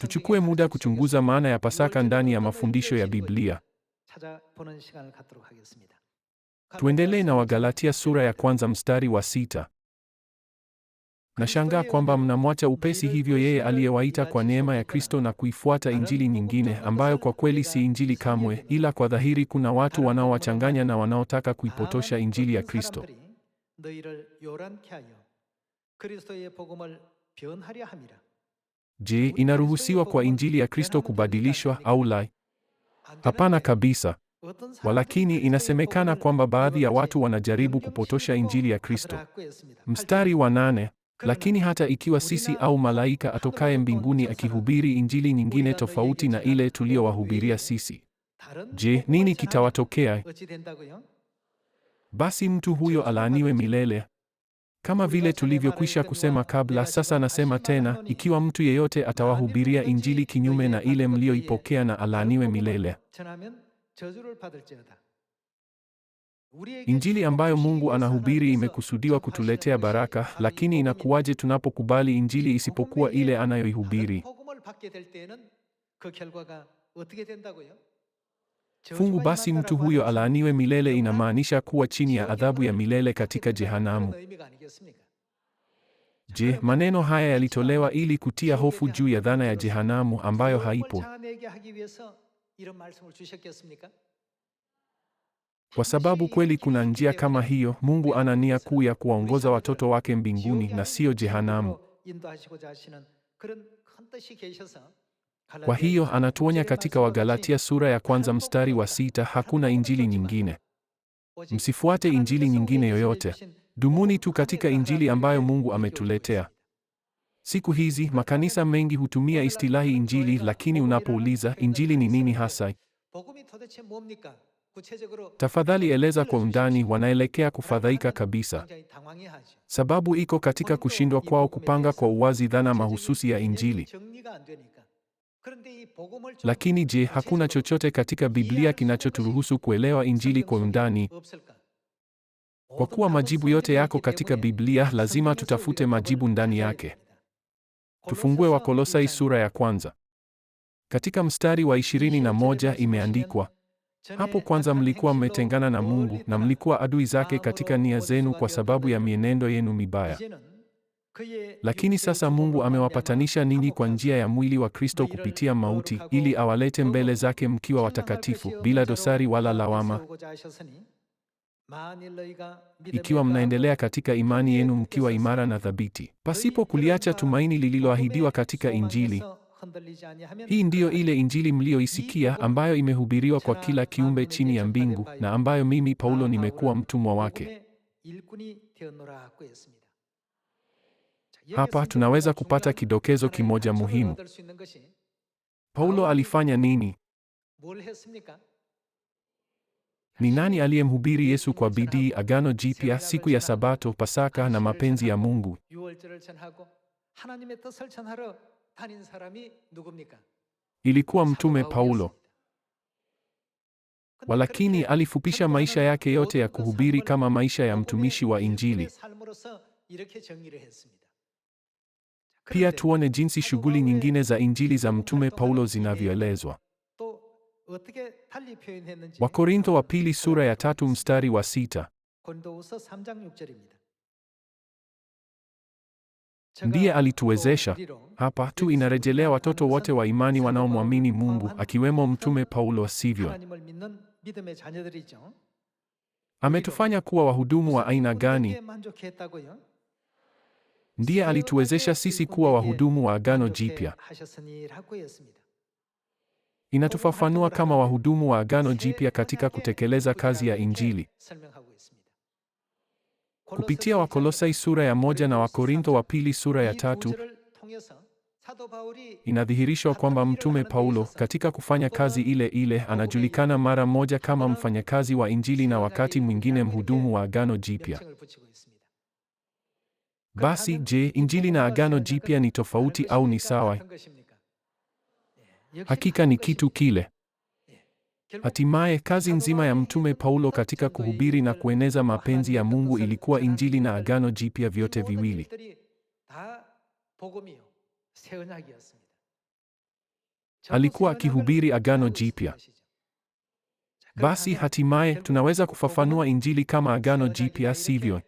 Tuchukue muda kuchunguza maana ya Pasaka ndani ya mafundisho ya Biblia. Tuendelee na Wagalatia sura ya kwanza mstari wa sita. Nashangaa kwamba mnamwacha upesi hivyo yeye aliyewaita kwa neema ya Kristo na kuifuata injili nyingine ambayo kwa kweli si injili kamwe, ila kwa dhahiri kuna watu wanaowachanganya na wanaotaka kuipotosha injili ya Kristo. Je, inaruhusiwa kwa injili ya Kristo kubadilishwa au la? Hapana kabisa. Walakini inasemekana kwamba baadhi ya watu wanajaribu kupotosha injili ya Kristo. Mstari wa nane. Lakini hata ikiwa sisi au malaika atokaye mbinguni akihubiri injili nyingine tofauti na ile tuliyowahubiria sisi, je, nini kitawatokea? Basi mtu huyo alaaniwe milele. Kama vile tulivyokwisha kusema kabla, sasa nasema tena, ikiwa mtu yeyote atawahubiria Injili kinyume na ile mliyoipokea, na alaaniwe milele. Injili ambayo Mungu anahubiri imekusudiwa kutuletea baraka, lakini inakuwaje tunapokubali Injili isipokuwa ile anayoihubiri? Fungu basi mtu huyo alaaniwe milele inamaanisha kuwa chini ya adhabu ya milele katika jehanamu. Je, maneno haya yalitolewa ili kutia hofu juu ya dhana ya jehanamu ambayo haipo? Kwa sababu kweli kuna njia kama hiyo, Mungu ana nia kuu ya kuwaongoza watoto wake mbinguni na siyo jehanamu. Kwa hiyo anatuonya katika Wagalatia sura ya kwanza mstari wa sita, hakuna injili nyingine, msifuate injili nyingine yoyote, dumuni tu katika injili ambayo Mungu ametuletea. Siku hizi makanisa mengi hutumia istilahi injili, lakini unapouliza injili ni nini hasa, tafadhali eleza kwa undani, wanaelekea kufadhaika kabisa. Sababu iko katika kushindwa kwao kupanga kwa uwazi dhana mahususi ya injili. Lakini je, hakuna chochote katika Biblia kinachoturuhusu kuelewa Injili kwa undani? Kwa kuwa majibu yote yako katika Biblia, lazima tutafute majibu ndani yake. Tufungue Wakolosai sura ya kwanza. Katika mstari wa 21 imeandikwa, hapo kwanza mlikuwa mmetengana na Mungu na mlikuwa adui zake katika nia zenu kwa sababu ya mienendo yenu mibaya. Lakini sasa Mungu amewapatanisha ninyi kwa njia ya mwili wa Kristo kupitia mauti, ili awalete mbele zake mkiwa watakatifu bila dosari wala lawama, ikiwa mnaendelea katika imani yenu mkiwa imara na thabiti, pasipo kuliacha tumaini lililoahidiwa katika Injili. Hii ndiyo ile Injili mliyoisikia ambayo imehubiriwa kwa kila kiumbe chini ya mbingu na ambayo mimi Paulo nimekuwa mtumwa wake. Hapa tunaweza kupata kidokezo kimoja muhimu. Paulo alifanya nini? Ni nani aliyemhubiri Yesu kwa bidii Agano Jipya, siku ya Sabato, Pasaka na mapenzi ya Mungu? Ilikuwa mtume Paulo. Walakini alifupisha maisha yake yote ya kuhubiri kama maisha ya mtumishi wa Injili. Pia tuone jinsi shughuli nyingine za Injili za Mtume Paulo zinavyoelezwa. Wakorintho wa pili sura ya tatu mstari wa sita. Ndiye alituwezesha hapa tu inarejelea watoto wote wa imani wanaomwamini Mungu akiwemo Mtume Paulo, sivyo? Ametufanya kuwa wahudumu wa aina gani? Ndiye alituwezesha sisi kuwa wahudumu wa Agano Jipya. Inatufafanua kama wahudumu wa Agano Jipya katika kutekeleza kazi ya Injili. Kupitia Wakolosai sura ya moja na Wakorintho wa pili sura ya tatu inadhihirishwa kwamba mtume Paulo katika kufanya kazi ile ile anajulikana mara moja kama mfanyakazi wa Injili na wakati mwingine mhudumu wa Agano Jipya. Basi je, Injili na Agano Jipya ni tofauti au ni sawa? Hakika ni kitu kile. Hatimaye kazi nzima ya Mtume Paulo katika kuhubiri na kueneza mapenzi ya Mungu ilikuwa Injili na Agano Jipya vyote viwili. Alikuwa akihubiri Agano Jipya. Basi hatimaye tunaweza kufafanua Injili kama Agano Jipya, sivyo?